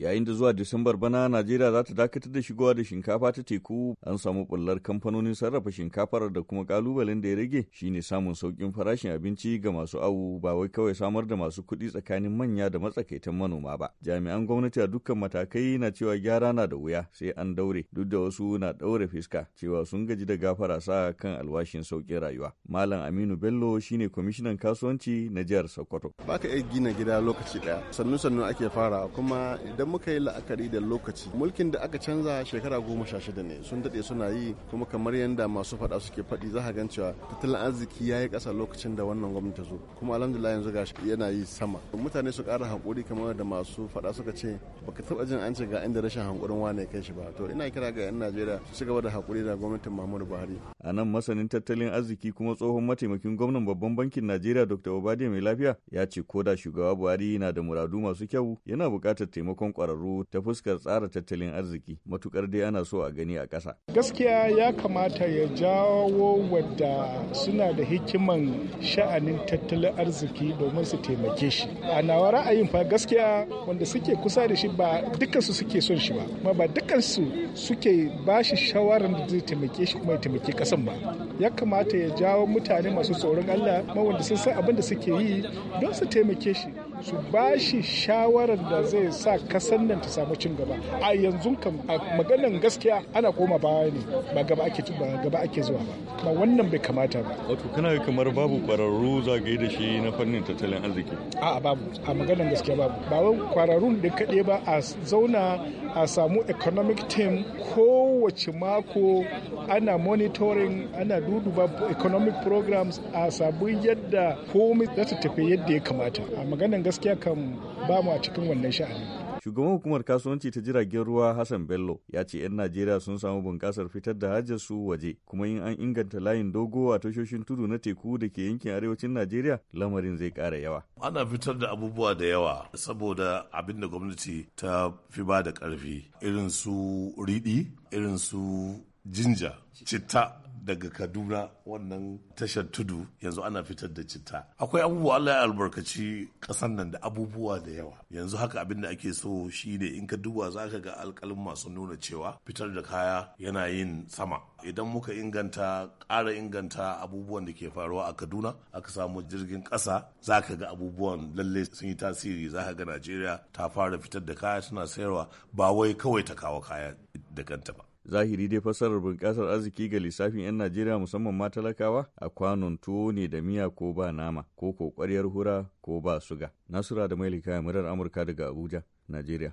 yayin da zuwa disambar bana najeriya za ta dakatar da shigowa da shinkafa ta teku an samu bullar kamfanonin sarrafa shinkafar da kuma kalubalen da ya rage shine samun sauƙin farashin abinci ga masu awu ba wai kawai samar da masu kuɗi tsakanin manya da matsakaitan manoma ba jami'an gwamnati a dukkan matakai na cewa gyara na da wuya sai an daure duk da wasu na daure fiska cewa sun gaji da gafara sa kan alwashin sauƙin rayuwa malam aminu bello shine kwamishinan kasuwanci na jihar sokoto baka iya gina gida lokaci ɗaya sannu sannu ake fara kuma idan idan muka yi la'akari da lokaci mulkin da aka canza shekara goma sha shida ne sun daɗe suna yi kuma kamar yadda masu faɗa suke faɗi za a gan cewa tattalin arziki ya yi ƙasa lokacin da wannan gwamnati ta zo kuma alhamdulillah yanzu ga yana yi sama mutane su kara haƙuri kamar da masu faɗa suka ce baka taɓa jin an ce ga inda rashin hankurin wane kai shi ba to ina kira ga 'yan Najeriya su ci gaba da hakuri da gwamnatin Muhammadu Buhari. A nan masanin tattalin arziki kuma tsohon mataimakin gwamnan babban bankin Najeriya Dr. obadiya mai lafiya ya ce ko da shugaba Buhari yana da muradu masu kyau yana buƙatar taimakon ƙwararru ta fuskar tsara tattalin arziki matukar dai ana so a gani a ƙasa. Gaskiya ya kamata ya jawo wadda suna da hikiman sha'anin tattalin arziki domin su taimake shi. A nawa ra'ayin fa gaskiya wanda suke kusa da shi ba su suke son shi ba, kuma ba su suke ba shi shawarar da zai taimake shi kuma ya taimake ƙasan ba. Ya kamata ya jawo mutane masu tsoron Allah ma wanda sun san abin da suke yi don su taimake shi. su ba shi shawarar da zai sa kasan nan ta samu cin gaba a yanzu kam a maganan gaskiya ana koma baya ne ba gaba ake ba gaba ake zuwa ba ba wannan bai kamata ba wato kana kamar babu kwararru zagaye da shi na fannin tattalin arziki a babu a maganan gaskiya babu ba wai kwararrun da kaɗai ba a zauna a samu economic team kowace mako ana monitoring ana duduba economic programs a sabu yadda komai za ta tafi yadda ya kamata a maganan gaskiya kan ba mu a cikin wannan sha'ani shugaban hukumar kasuwanci ta jiragen ruwa hassan bello ya ce 'yan najeriya sun samu bunƙasar fitar da hajjar su waje kuma in an inganta layin dogo a tashoshin tudu na teku da ke yankin arewacin najeriya lamarin zai kara yawa ana fitar da abubuwa da yawa saboda abin da gwamnati ta fi ba da ƙarfi irin su riɗi irin su jinja citta daga kaduna wannan tashar tudu yanzu ana fitar da citta akwai abubuwa allah ya albarkaci kasan nan da abubuwa da yawa yanzu haka abin da ake so shine in ka duba za ka ga alkalin masu nuna cewa fitar da kaya yana yin sama idan muka inganta ƙara inganta abubuwan da ke faruwa a kaduna aka samu jirgin ƙasa za ka ga abubuwan lalle sun yi tasiri za ka ga najeriya ta fara fitar da kaya tana sayarwa ba wai kawai ta kawo kaya da kanta ba zahiri dai fasarar bunƙasar arziki ga lissafin 'yan Najeriya musamman ma talakawa a kwanon tuwo ne da miya ko ba nama ko ko hura ko ba suga. Nasura da Mailika murar Amurka daga Abuja, Najeriya.